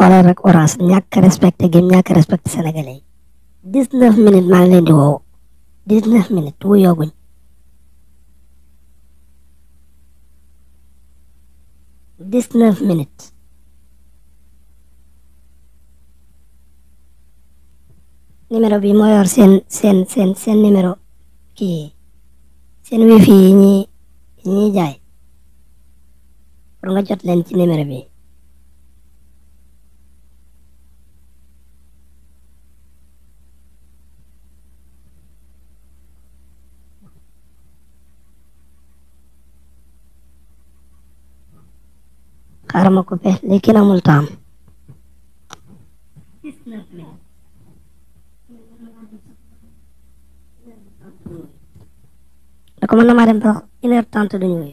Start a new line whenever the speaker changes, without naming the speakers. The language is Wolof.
xoolal rek orange ñak respecté gi ñak respecté sénégalais 19 minutes ma ngi leen di wo 19 minutes ya, wo yooguñ dix neuf minutes numéro bi mo yor sen sen sen sen numéro ki sen wifi yi ñi ñiy jaay pour nga jot len ci numéro bi xaaral ma coupé léegi kenn amul temps da ko mën ba une heure trente du ñu